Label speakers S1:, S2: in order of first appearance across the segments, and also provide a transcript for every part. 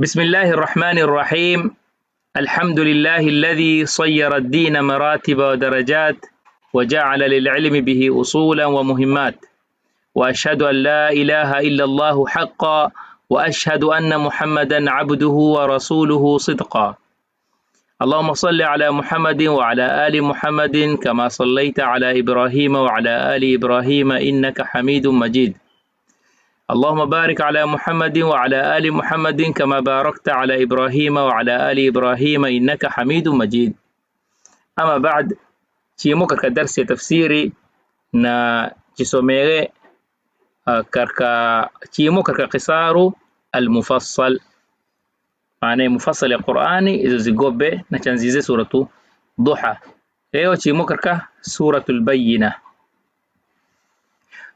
S1: بسم الله الرحمن الرحيم الحمد لله الذي صير الدين مراتب ودرجات وجعل للعلم به أصولا ومهمات وأشهد أن لا إله إلا الله حقا وأشهد أن محمدا عبده ورسوله صدقا اللهم صل على محمد وعلى آل محمد كما صليت على إبراهيم وعلى آل إبراهيم إنك حميد مجيد اللهم بارك على محمد وعلى آل محمد كما باركت على إبراهيم وعلى آل إبراهيم إنك حميد مجيد أما بعد تيمو كركا درس تفسيري نا جسوميغي آه، كركا تيمو كركا قصار المفصل معناه مفصل القرآن إذا نحن زيزي سورة ضحى ليو تيمو سورة البينة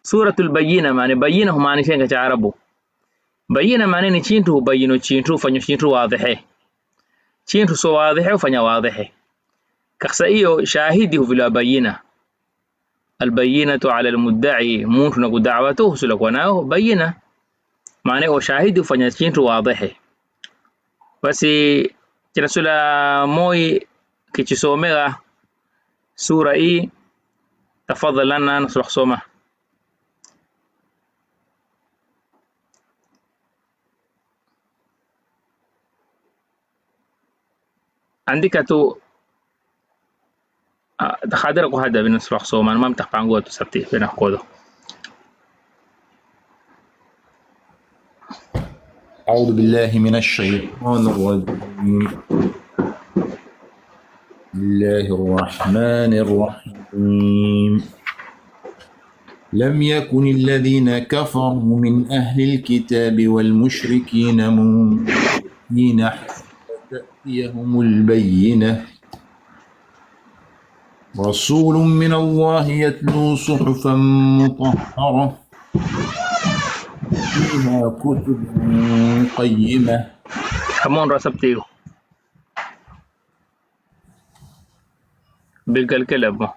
S1: suratul bayyina maana bayyina humaanishenga cha arabu bayyina maana ni chintu hubayino chintu hufanya chintu wadhihe chintu so wadhihe hufanya wadhihe kaksa iyo shahidi huvila bayyina albayyinatu ala almudda'i muntu na kudawatu husula kwa nao bayyina maana o shahidi hufanya chintu wadhihe basi kinasula moi kichisomega sura hii tafadhali lana nusura عندك تو تخادر کو هذا بالنسبة سوما ما ممتح بانقوة تسبتيه بين أخوضه
S2: أعوذ بالله من الشيطان الرجيم الله الرحمن الرحيم لم يكن الذين كفروا من أهل الكتاب والمشركين منفقين حتى تأتيهم البينة رسول من الله يتلو صحفا مطهرة فيها كتب قيمة
S1: Ramon Rosaptio بالكلام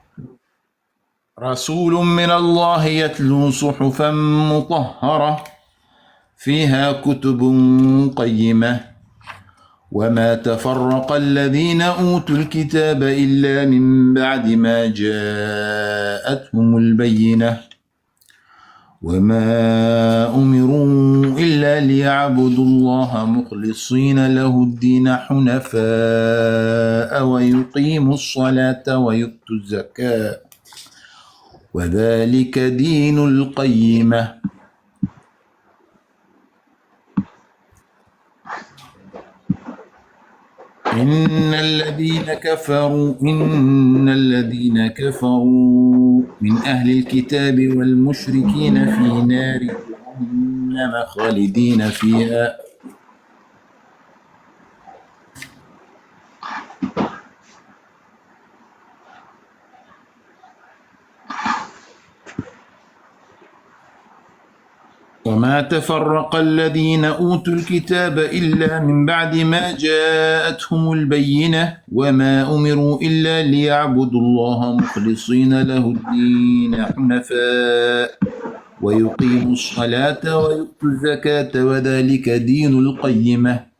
S2: رسول من الله يتلو صحفا مطهرة فيها كتب قيمة وما تفرق الذين أوتوا الكتاب إلا من بعد ما جاءتهم البينة وما أمروا إلا ليعبدوا الله مخلصين له الدين حنفاء ويقيموا الصلاة ويؤتوا الزكاة وذلك دين القيمة إن الذين كفروا إن الذين كفروا من أهل الكتاب والمشركين في نار جهنم خالدين فيها وما تفرق الذين أوتوا الكتاب إلا من بعد ما جاءتهم البينة وما أمروا إلا ليعبدوا الله مخلصين له الدين حنفاء ويقيموا الصلاة ويؤتوا الزكاة وذلك دين القيمة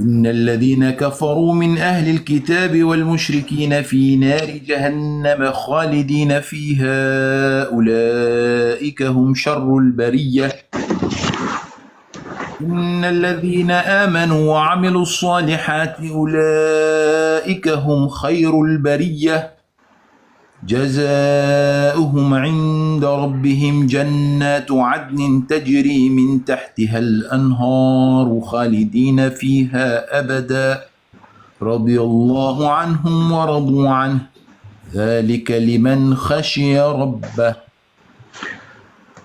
S2: إن الذين كفروا من أهل الكتاب والمشركين في نار جهنم خالدين فيها أولئك هم شر البرية إن الذين آمنوا وعملوا الصالحات أولئك هم خير البريه جزاؤهم عند ربهم جنات عدن تجري من تحتها الأنهار خالدين فيها أبدا رضي الله عنهم ورضوا عنه ذلك لمن خشي ربه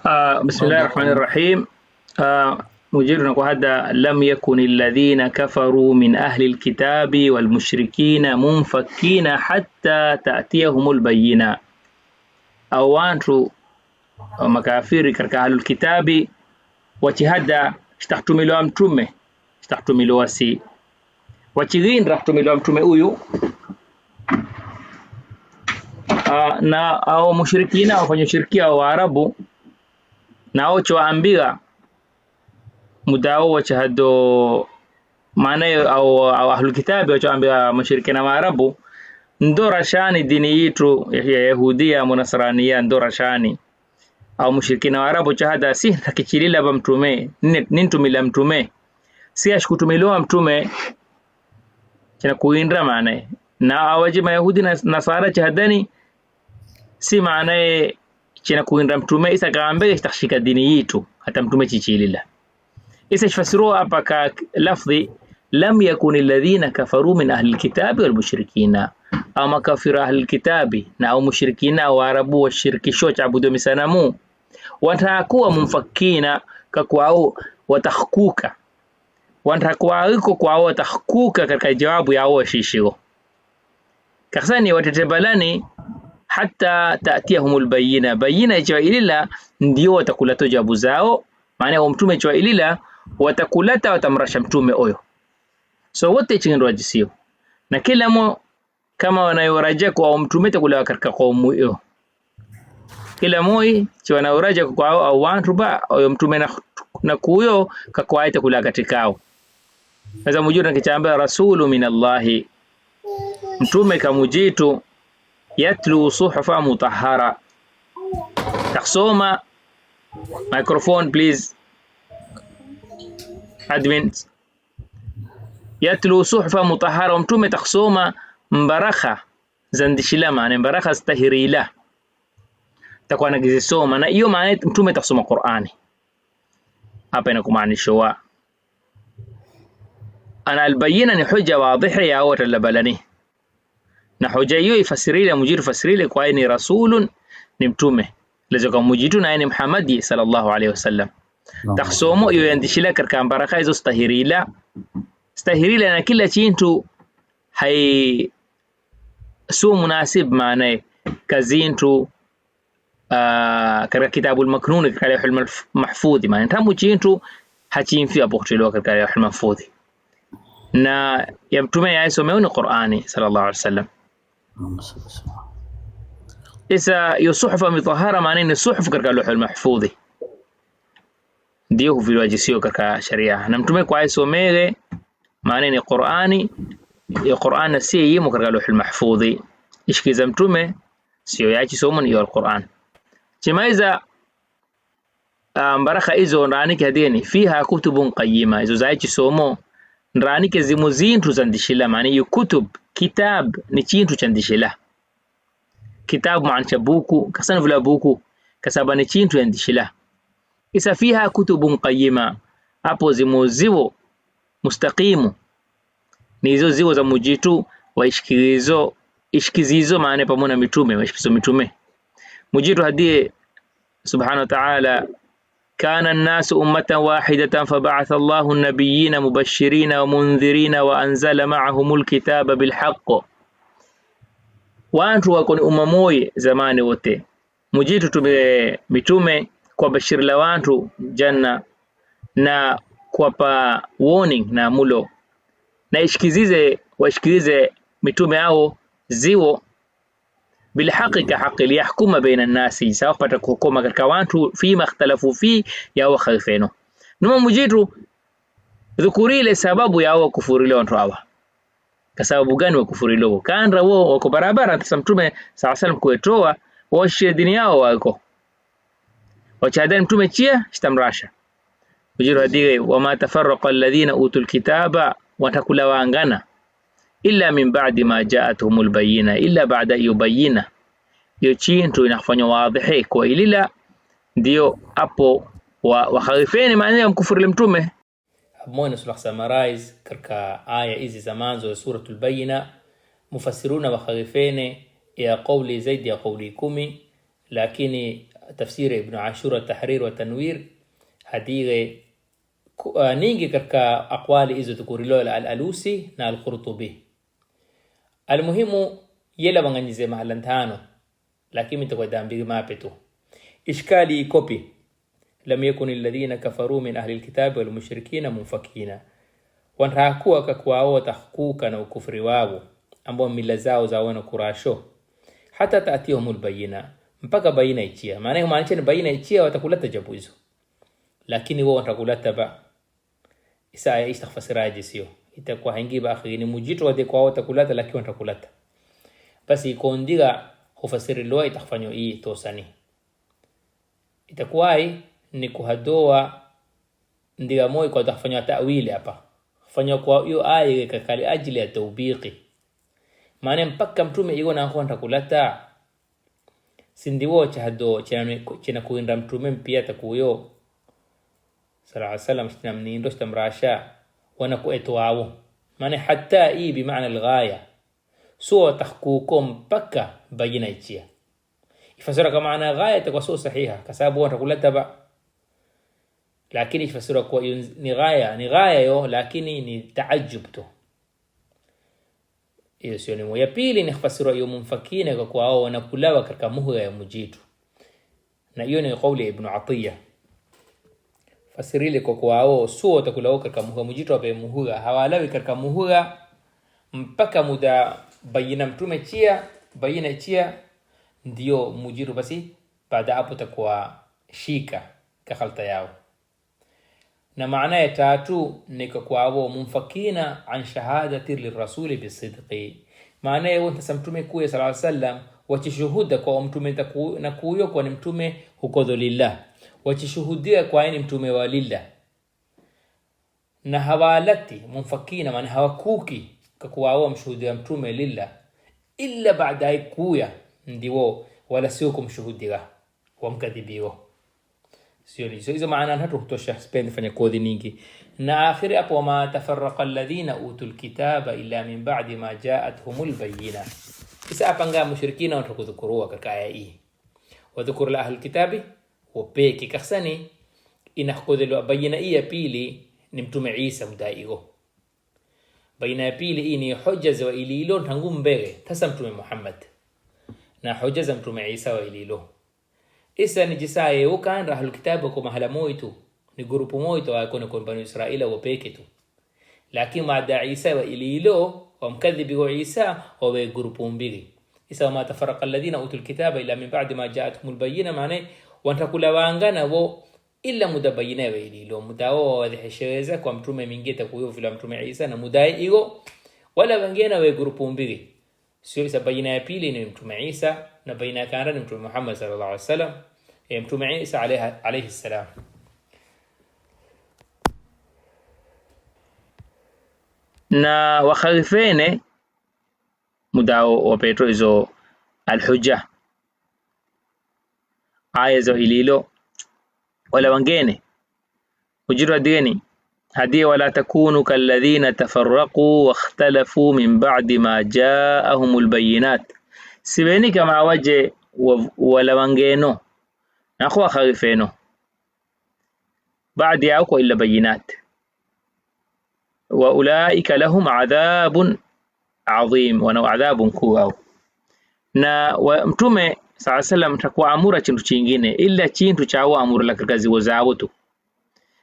S1: آه بسم الله الرحمن الرحيم آه mujiru na kwa hada lam yakun alladhina kafaru min ahli alkitabi walmushrikina munfakina hatta ta'tiyahumul bayyina au watu makafiri katika ahlul kitabi wachihada shtatumiliwa mtume shtatumiliwa si wachigindra tumiliwa mtume huyu na au mushrikina wafanya ushirikia wa Arabu nao chowaambiwa mudao wacha hado maana au, au ahlulkitabi wachoambia mashirikina maarabu ndo rashani dini yitu ya yahudia munasrania ndo rashani au mushirikina waarabu chahada si takichilila ba mtume nintumila mtume si ashikutumiliwa mtume chana kuindra maana na awaji mayahudi na nasara chahadani si maanaye chana kuindra mtume isa isakaambe takshika dini yitu hata mtume chichilila isifasirua hapa ka lafdhi lam yakun alladhina kafaru min ahli alkitabi wal mushrikina, au makafira ahli alkitabi na au mushrikina wa washirikisho chaabudu misanamu watakuwa mumfakina kakwao watahkuka wantakuwa kwao watahkuka katika jawabu yao washishigo kakasani watetebalani hata taatiahumul bayina bayina ichwa ilila ndio watakulato jawabu zao maana wa mtume chwa ilila watakulata watamrasha mtume oyo so wote chini wajisiwa na kila mo kama wanayoraja kwa mtume takula katika kaumu hiyo kila moi chi wanaoraja kwa au au watu ba oyo mtume na na kuyo kakwaita kula katikao sasa na kichamba rasulu minallahi mtume kamujitu yatlu suhufa mutahhara taksoma microphone please Advent yatlu suhfa mutahara, mtume takusoma mbaraka za ndishila, mbaraka mbarakha zitahirila takuwa anagizisoma, na hiyo maana mtume takusoma Qur'ani. Hapa inakumaanisha wa ana albayina ni hoja wadhiha ya wa talabalani na hoja hiyo ifasirile mujiru fasirile kwa ni rasulun, ni mtume lazo lezoka mujitu na ni Muhammadi sallallahu alayhi wasallam taksomo iyoyandishila katika mbaraka hizo stahirila stahirila na kila chintu hai su munasib maanaye kazintu uh, katika kitabu lmaknuni katika lawhu lmahfudhi maana tamu chintu hachinfia pokutiliwa katika lawhu lmahfudhi na ya mtume yaisomeuni qurani sallallahu alaihi wasallam isa yo suhufu amithahara maana ni suhufu katika lawhu lmahfudhi ndio huvilwajisiwa katika sharia na mtume kwa aisomele maana ni Qur'ani ya Qur'an si yimo katika lauhul mahfudhi ishikiza mtume sio yachi somo ni ya Qur'an chimaiza ah, baraka hizo ndani ndanike hadini fiha kutubun qayyima hizo zaichi somo ndanike zimu zintu zandishila maana hiyo kutub kitab ni chintu chandishila kitabu maana cha buku kasana vula buku kasaba ni chintu yandishila isa fiha kutubun qayyima, hapo zimo ziwo mustaqimu, ni hizo ziwo za mujitu waishikirizo ishikizizo, maana pamoja na mitume waishikizo mitume mujitu hadie subhanahu wa ta'ala kana an-nasu ummatan wahidatan faba'atha Allahu an-nabiyyina mubashirina wa mundhirina wa anzala ma'ahum al kitaba bil haqq watu wako ni umma moja zamani wote mujitu tume mitume kuwabashiri la watu janna na kuwapa warning na mulo na ishikizize washikizize mitume ao ziwo bilhaqi ka haqi liyahkuma baina nnasi sawa kupata kuhukuma katika watu fima ikhtalafu fi yawo khalfeno numa mujitu dhukurile sababu yawo kufurile watu awa kwa sababu gani wao kandra wao wako barabara sasa mtume saa salam kuetoa washe dini yao wako wachaadani mtume chia shitamrasha ujiro hadiwe wama tafarraqa alladhina utul kitaba watakula waangana illa min ba'di ma ja'atuhumul bayyina illa ba'da yubayyina hiyo chii ndio inafanywa wadhihi kwa ilila ndio hapo wakharifeni maana ya mkufuru mtume mmoja sura summarize katika aya hizi za manzo ya suratul bayina mufasiruna wakharifeni ya qawli zaidi ya qawli kumi lakini tafsiri Ibn ashur Tahrir wa Tanwir hatige uh, ningi katika aqwali hizo tukurilo la na al Almuhimu yela banganyize mahala ntano lakini mitakwedambiri mape tu ishkali ikopi lam yakun alladhina kafaru min ahli alkitabi walmushrikina munfakina wanrahakuwa kakwawo tahkuka na ukufri wao ambao mila zao zaona kurasho hata taatihumul lbayina mpaka baina ichia. Maana maanisha ni baina ichia watakuleta jabu hizo, lakini wao watakuleta ba isa istafasiraji, sio itakuwa haingi ba akhi ni mujito wa dekwa watakuleta, lakini watakuleta basi ikondiga hufasiri loa itakfanyo hii tosani itakuwa itakuwai ni kuhadoa ndiga moyo kwa takfanya tawili hapa fanya kwa hiyo aya kakali ajili ya taubiki maana mpaka mtume yuko na kwenda kulata sindiwo wocha china kuinda mtume mpia takuyo sala salam wasallam shtina mnindo shita mrasha wana kuetwawo maana hatta i bimaana alghaya suwa tahkuko mpaka bayina ichia ifasira kama ana ghaya takuwa sio sahiha kwa sababu watakula lakini ifasira kuwa ni ghaya ni ghaya yo lakini ni taajub tu hiyo ni ya pili inafasiriwa yawmunfakina kwa kuwa wao wanakulawa katika muhula ya mjitu, na hiyo ni kauli ya Ibn Atiya. Fasirile kwa kuwa wao sio watakulawa katika muhula mjitu, wape muhula hawalawi katika muhula mpaka muda baina mtume chia baina chia ndio mujiru, basi baada hapo takuwa shika kakhalta yao na maana ya tatu niko kwavo mumfakina an shahadati lirasuli bisidqi, maana yewo ntasa mtume kuye sala sallam wachishuhuda kwa mtume na kuyo kwa ni mtume hukodho lillah wachishuhudia kwa ni mtume wa lillah na hawalati mumfakina maana hawakuki kakuwawo wamshuhudia mtume lillah illa baadaye kuya ndiwo wala sio kumshuhudia wamkadhibiwo sioni so hizo maana natutosha sipendi fanya kodhi nyingi na akhiri hapo wama tafarraqa alladhina utul kitaba illa min ba'di ma ja'atuhumul bayyina kisa apanga mushrikina watakudhukurua katika aya hii wadhukuru la ahlul kitabi kasani inakodhelwa bayina hii ya pili ni mtume Isa mdaigo baina ya pili hii ni hoja za ililo tangu mbele tasa mtume Muhammad na hoja za mtume Isa wa Isa ni jisaa yeukan rahlu kitabu wako mahala moitu ni grupu moitu tu wako kwa Bani Israila wapeke tu, lakini maada Isa wa ililo wamkadhibi wa Isa wa wawe grupu mbili. Isa wama tafaraka alladhina utu kitaba ila min ba'di ma ja'atuhumul bayyina, maana wantakula waangana wo ila muda bayyina wa ililo muda wao wadhihesheweza kwa mtume mingi takuyo vila mtume Isa na muda hiyo wala wangena wa grupu mbili, sio Isa bayina ya pili ni mtume Isa na baina ya kanra ni mtume Muhammad sallallahu alaihi wasallam Mtume Isa alayhi salam. Na wakhalifene mudao wa Petro hizo alhujja aya zo ililo wala wangene ujiru hadieni hadie wala takunu kalladhina tafarraqu wakhtalafu min ba'di ma ja'ahumul bayinat, siweni kama waje wala wangeno na akhu akha feno baadi yako illa bayinat wa ulaika lahum adhabun adhim, wana adhabu kuu au na mtume saa salam takuamura chintu chingine illa chintu chawo amura la kagaziwo zawo tu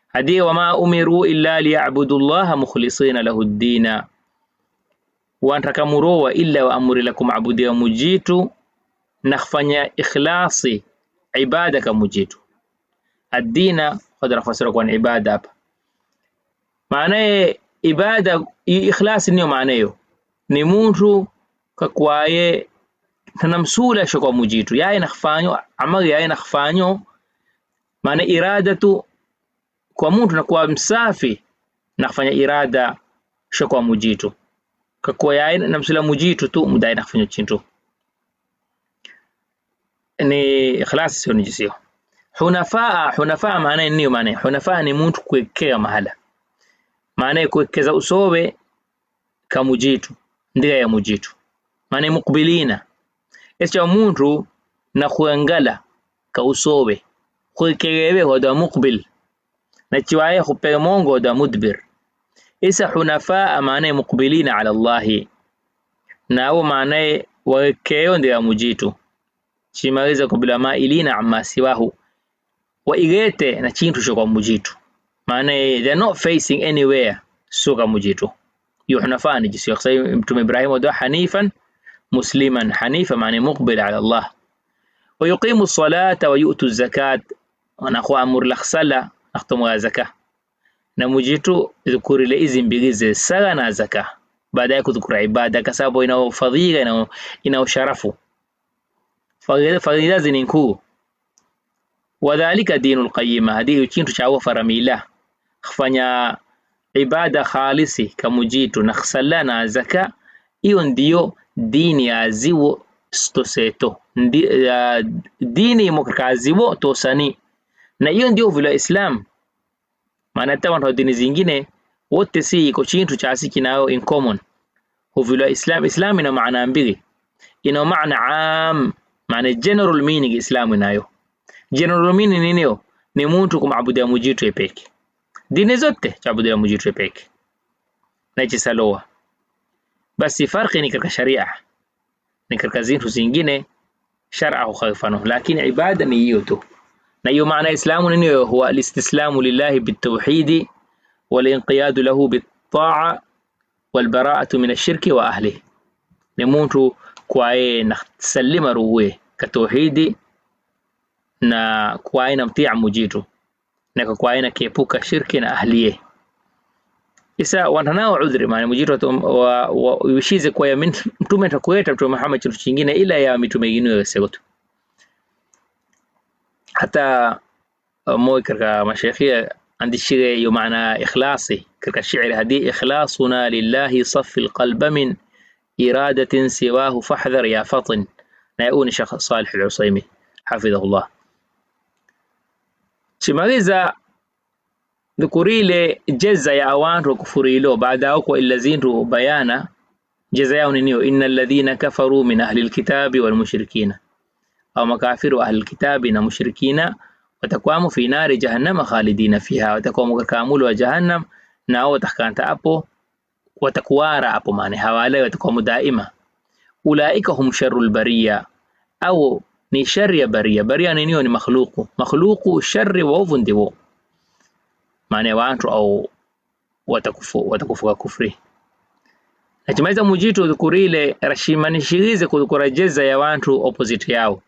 S1: hadi wama umiru illa liyabudu llaha mukhlisina lahu ddina wantakamurowa illa waamuri la kumabudia mujitu na kufanya ikhlasi ibada kama ad adina kadra fasira kwa ibada hapa maanaye ibada ikhlasi niyo hiyo ni muntu kakwaye sho kwa mujitu yaye nakhfanyo amali yaye nakhfanyo maana tu kwa muntu kwa msafi nakufanya irada sho shakwa mujitu kakwa yaye namsula mujitu tu mudaye nakufanya chintu ni ikhlas sio najisio. Hunafaa, hunafaa maana nini? Maana hunafaa ni mtu kuwekea mahala, maana kuwekeza usowe kamujitu ndiga ya mujitu, maana mukbilina echa muntu na kuangala ka usowe kuwekerewe hoda mukbil na chiwaye khupere mongo hoda mudbir isa hunafaa maana mukbilina ala Allahi nao maana wawekeyo ndiga mujitu chimaweza kubila mailina amma siwahu wa igete na chintu chokwa mujitu maana they are not facing anywhere suka mujitu yuhnafani jisi yaksa mtume Ibrahim wa hanifan musliman hanifa maana muqbil ala Allah wa yuqimu salata wa yu'tu zakat wanakuwa amur lakhsala wa zaka na mujitu zukurile izi mbigize sala na zaka baadaye kudhukura ibada kwa sababu ina fadhila ina usharafu fadhila zini nkuu wadhalika dinu lqayima hadi chintu chawo faramila kufanya ibada khalisi kamujitu na khsala na zaka hiyo ndiyo dini ya ziwo stoseto ndi, uh, dini imokakaziwo tosani na hiyo ndio vile Islam maana hata watu dini zingine wote si iko chintu chasi kinayo in common huvila Islam Islam ina maana mbili ina maana am maana general meaning Islamu inayo general meaning nini hiyo? Ni mtu kumwabudia mujitu pekee. Dini zote chaabudia mujitu pekee na hichi saloa basi, farqi ni katika sharia, ni katika zintu zingine shar'a huwa mfano, lakini ibada ni hiyo tu, na hiyo maana Islamu nini hiyo? Huwa alistislamu lillahi bitawhidi wal lahu bit-ta'a wal bara'atu min ash-shirki wa ahlihi, ni mtu kwaye nakhsallima ruwe katauhidi na kwaye namtia mujitu na kwaye nakiepuka shirki na ahliye isa wananao udhri maana mujitu wa, wa wishize kwaya mtume takueta mtume Muhammad chitu chingine ila ya mitume ingine yosegotu hata uh, moy katika mashekhia andishire yo maana ikhlasi katika shairi hadi ikhlasuna lillahi safi alqalba min إرادة سواه فاحذر يا فطن لا نيؤوني الشيخ صالح العصيمي حفظه الله إذا ذكري لي جزا يا أوان رو كفري له بعد أوكو الذين رو بيانا جزا نيو إن الذين كفروا من أهل الكتاب والمشركين أو مكافر أهل الكتاب ومشركين وتقوم في نار جهنم خالدين فيها وتقوم كامل وجهنم نعوة تحكان تأبو watakuwara hapo maana hawale watakuwa mudaima. ulaika hum sharul bariya au ni shari ya baria baria nini? ni makhluku makhluku shari waovu ndiwo maana watu au watakufu watakufuka kufri nachimaiza mujitu kurile rashimanishirize kurejeza ya watu opposite yao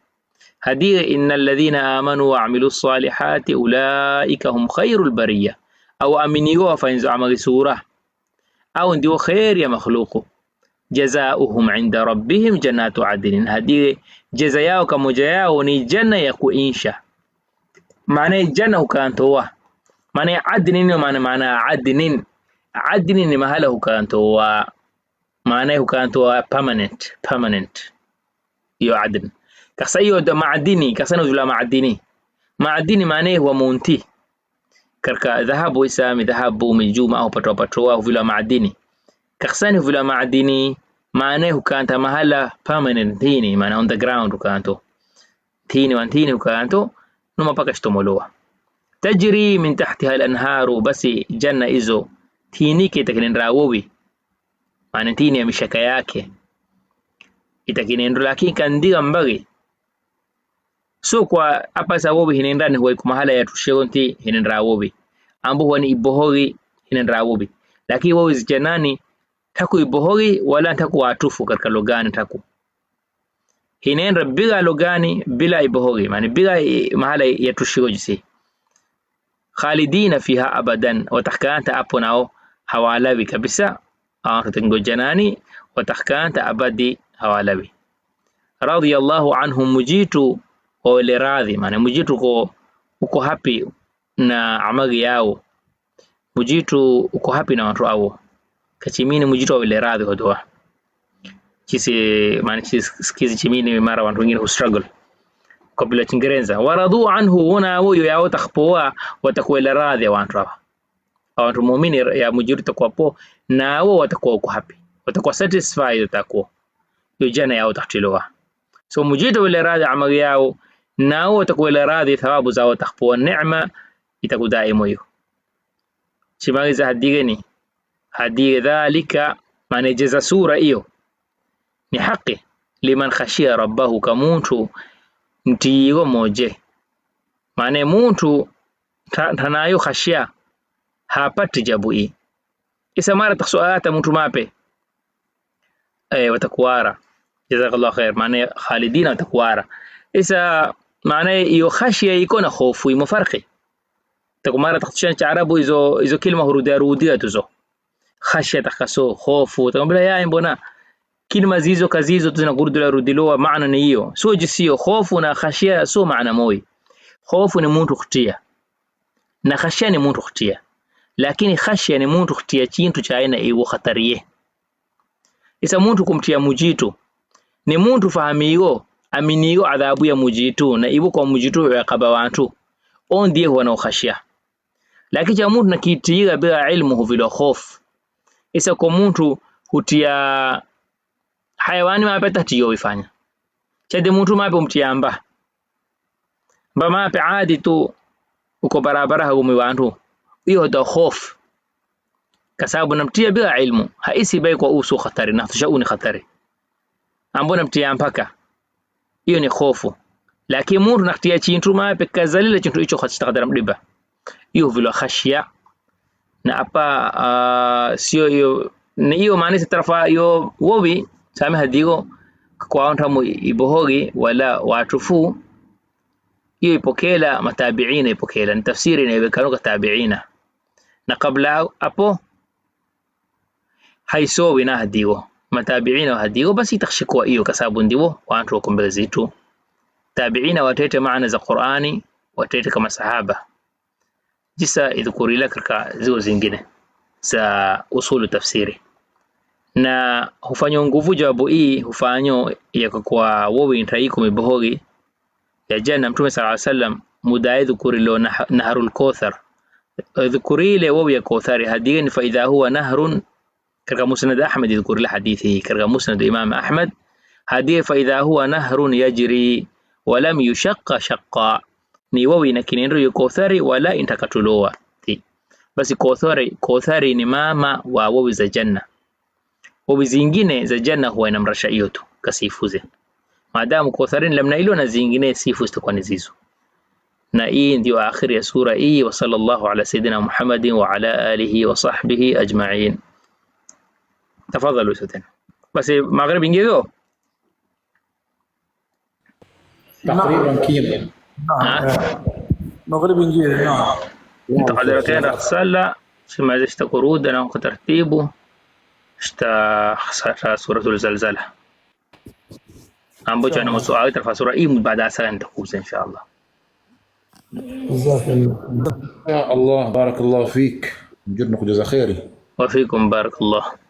S1: hadire innal ladhina amanu wa amilu salihati ulaika hum khairul bariya au aminiwa wafanyizo amali surah au ndio kheri ya makhluku jazauhum inda rabbihim jannatu adlin, hadi jaza yao kamoja yao ni janna ya kuinsha. Maana janna hukaantoa, maana adlin, ni maana maana adlin, adlin ni mahala hukaantoa, maana hukaantoa permanent, permanent hiyo adlin. Kasa hiyo maadini kasa nuzula maadini maadini maana huwa munti katika dhahabu isami dhahabu umejuma hupatwa patwa huvila maadini kaksani huvila maadini maana hukanta mahala permanent thini maana on the ground hukanto thini wan thini hukanto numa paka shitomolowa tajri min tahtiha al-anharu basi janna izo thini ke takinendra wowi maana thini ya mishaka yake itakinendo lakini kandiga mbagi so kwa apa sa wowi hinendani huwa mahala ya tushego nti hinendra wowi ambu huwa ni ibohori na ndarabubi, lakini wao zijanani taku ibohori wala taku watufu katika logani taku hinenda bila logani bila ibohori, Mani bila mahala ya tushiro jisi khalidina fiha abadan watakanta apu nao hawalawi kabisa awatengo janani watakanta abadi hawalawi Radhi Allahu anhum mujitu wawele radhi Mani mujitu uko happy na amagi yao mujitu uko hapi na watu awo kachimini mujitu awile radhi hodoa chisi maana chisikizi chimini mara watu wengine hustruggle kwa bila Kiingereza waradhu anhu wana woyo yao takhpoa watakuela radhi ya watu hawa watu muumini ya mujitu takuwa po na wao watakuwa uko hapi watakuwa satisfied watakuwa hiyo jana yao tahtiloa so mujitu wale radhi amagi yao na wao watakuwa radhi thawabu zao takpoa neema itakudaimu hiyo. Chimaliza hadi ni Hadi dhalika, manejeza sura hiyo ni haki liman khashia rabbahu, ka mtu mtiigo moje, maana mtu tanayo khashia hapati jabu hii isa mara taksuata mtu mape eh watakuara jazakallahu khair, maana khalidina watakuara isa maana hiyo khashia iko na hofu imo farqi تقمارة تخشين عربو إذا إذا كلمة هرودي هرودية تزو خشية تخسو خوف تقول يا إن بنا كلمة زيزو كزيزو تزنا قردو هروديلو معنى نيو سو جسيو خوف نا سو معنى موي خوف ni muntu kutia na khashia ni muntu kutia lakini khashia ni muntu kutia chintu cha aina iwo khatarie isa muntu kumtia mujitu ni muntu fahamiyo aminiyo adhabu ya mujitu na iwo kwa mujitu ya huwa na lakini cha mtu nakiitiira bila ilmu huvilwa hofu isa kwa mtu hutia hayawani mape tiyo ifanya chade mtu mape umtiamba mba mape adi tu uko barabara hagumi wantu iyo da hofu kasabu namtia bila ilmu haisi bai kwa usu khatari na tushauni khatari ambo namtia mpaka iyo ni hofu lakini mtu nakitia chintu mape kazalile chintu icho khatista mdiba hiyo vile khashia na apa uh, sio hiyo na hiyo maana tarafa hiyo wobi sami hadigo kwa mu ibohogi wala watufu hiyo ipokela matabiina ipokela ni tafsiri na ibekanuka tabiina na kabla apo haisowi na hadigo matabiina wa hadigo basi takshikwa hiyo kasabu ndiwo watu wakombele zitu tabiina watete maana za Qur'ani watete kama sahaba Jisa idhukuri lake katika zio zingine za usulu tafsiri, na hufanyo nguvu jawabu hii hufanyo yakakuwa wowi ntaiko mibohogi ya jana Mtume sala alayhi wasallam muda idhukuri lo naharul kothar idhukuri ile wowi ya kothari hadigani fa idha huwa nahrun katika musnad Ahmad idhukuri la hadithi hii katika musnad Imam Ahmad hadiye faidha huwa nahrun yajri walam lam yushaqqa ni wawi na kinirio Kauthari wala intakatulowa ti basi kothari, kothari ni mama wa wawi za janna. Wawi zingine za janna huwa inamrasha hiyo tu kasifuze maadamu Kauthari lamna ilo na zingine sifu zitakuwa ni zizo. Na hii ndio akhiri ya sura hii, wa sallallahu ala sayidina Muhammadin wa ala alihi wa sahbihi ajma'in. Tafadhalu sote basi, magharibi ingivyo
S2: takriban نعم. نعم انت حضرتك
S1: مغربي انجليزي نعم ما الصلاة فيما انا وقت ترتيبه اشتا سورة الزلزلة أم بوجه أنا مسؤول ترفع سورة إيم بعد انت تكوز إن شاء
S2: إيه، الله يا الله بارك الله فيك جنك جزا خيري
S1: وفيكم بارك
S2: الله